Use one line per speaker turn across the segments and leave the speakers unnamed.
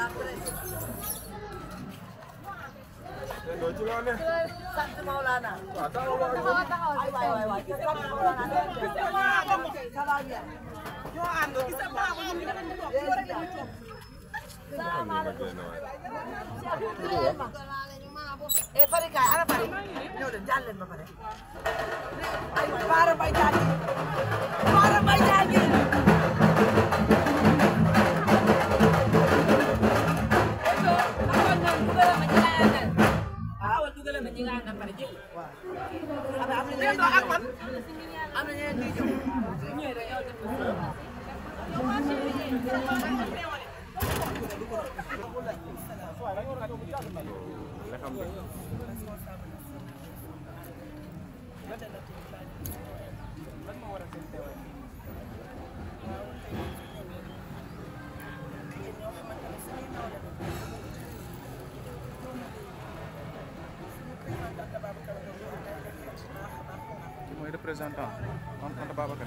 doo ci loo ne. sant
Maolana. waaw taxaw waay waay waay sant Maolana. ça va bien. ñoo ànd. eh Fari kaay ala Fari. ñëw leen jàll leen ba pare. aywa Baara Mbaye Diagne. Baara Mbaye Diagne. représentant Anta Babacar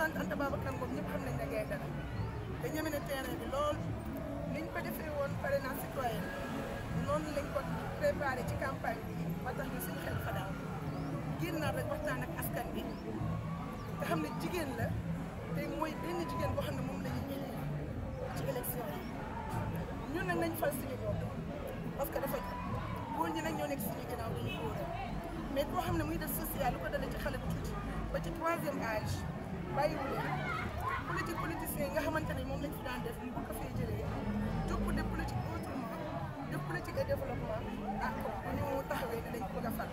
sant Anta Babacar Ngom ñëpp xam nañ ne ngay dara te ñeme ne terrain bi lool niñ ko defee woon parrainage citoyen noonu lañ ko préparé ci campagne bi ba tax ñu suñu xel fa daal génnaat rek waxtaan ak askan bi te xam ne jigéen la te mooy benn jigéen boo xam ne moom la ñu indi ci élection yi ñun que dafa góor ñi nag ñoo nekk suñu ginnaaw dañu góoral mais koo xam ne muy def social lu ko dalee ci xale bu tuuti ba ci troisième âge bàyyiwu leen politique politiciens yi nga xamante ne moom lañ fi daan def ñu bëgg ko fee jëlee jóg de politique autrement de politique et développement ah bu ñu taxawee dinañ ko bëgg a fal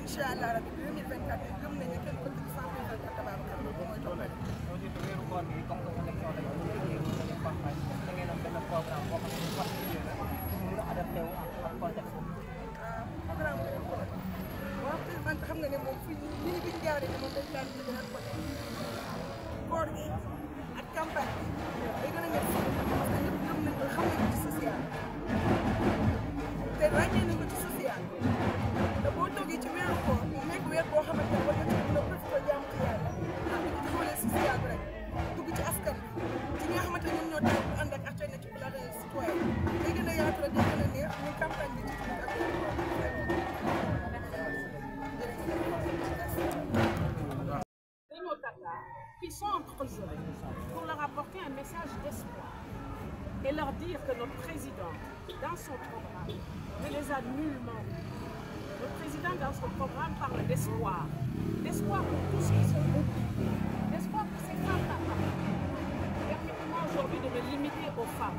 incha allah rabi 2024 yi gëm nañu kenn ko tudd 124 tabaab kan loolu mooy tool rek. aussi ah, du weeru koor bi comme que élection dafa bëgg a jël campagne da ngeen am benn programme boo xam ne particulier la pour mun a adapté wu ak ak contexte boobu. programme bi waaw man xam nga ne moom fii nii bi ñu jaaree moom dañ daan dugg ak côté. koor gi ak campagne bi day gën a métti parce que ñëpp gëm nañ ko xam nañ ko ci social te ràññee
dire que notre président, dans son programme, ne les a nullement Le président, dans son programme, parle d'espoir. D'espoir pour tous ceux qui sont beaucoup. D'espoir pour ces femmes-là. Permettez-moi aujourd'hui de me limiter aux femmes.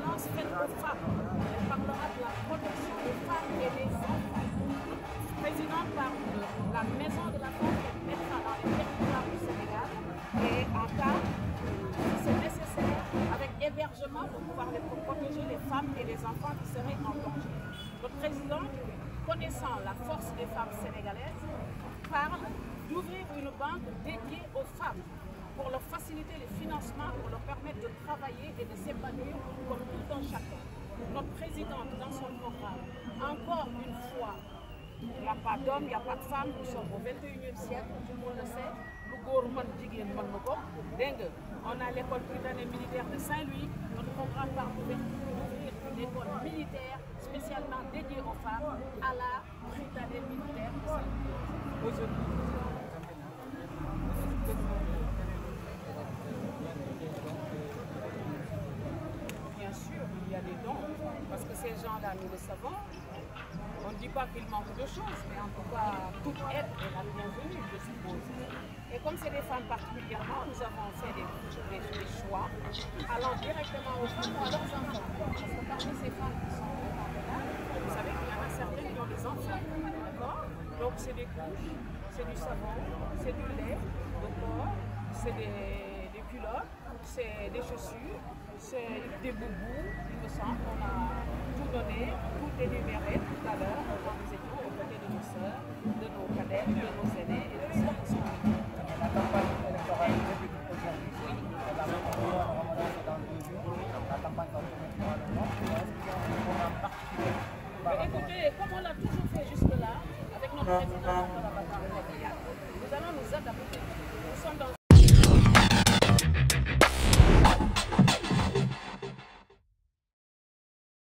violences faites aux femmes parlera de la protection des femmes et des enfants. Présidente par la Maison de la Femme qui mettra dans les territoires du Sénégal et en cas si c'est nécessaire avec hébergement pour pouvoir les protéger les femmes et les enfants qui seraient en danger. Notre présidente, connaissant la force des femmes sénégalaises, parle d'ouvrir une banque dédiée aux femmes pour leur faciliter les financements, pour leur permettre de travailler et de s'épanouir comme tout un chacun. Notre présidente, dans son programme, encore une fois, il n'y a pas d'hommes, il n'y a pas de femmes, au 21e siècle, tout le monde le on a l'école privée militaire de Saint-Louis notre programme par d'ouvrir une école militaire spécialement dédiée aux femmes à la Prytanée militaire aujourd'hui ces gens-là, nous le savons. On ne dit pas qu'il manque de choses, mais en tout cas, toute aide est la bienvenue, je suppose. Et comme c'est des femmes particulièrement, nous avons fait des, des, des choix allant directement aux femmes ou à leurs enfants. Parce que parmi ces femmes qui sont là, vous savez qu'il y en a certaines qui ont des enfants. D'accord Donc c'est des couches, c'est du savon, c'est du lait, de corps, c'est des, des culottes, c'est des chaussures. c'est des boubous innocents qu'on a tout donné, tout délibéré tout à l'heure quand nous étions aux côtés de nos sœurs, de nos cadets, de nos aînés et de ceux qui sont La campagne électorale débute aujourd'hui. Oui. La première Ramadan c'est
dans deux jours. La campagne va commencer le nord. Est-ce qu'il y a un programme particulier Écoutez, comme on l'a toujours fait jusque-là, avec notre président de la bataille, nous allons nous adapter. Nous sommes dans